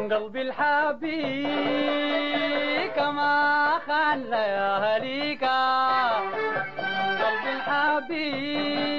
من قلبي الحبيب كما خان لياليك من قلبي الحبيب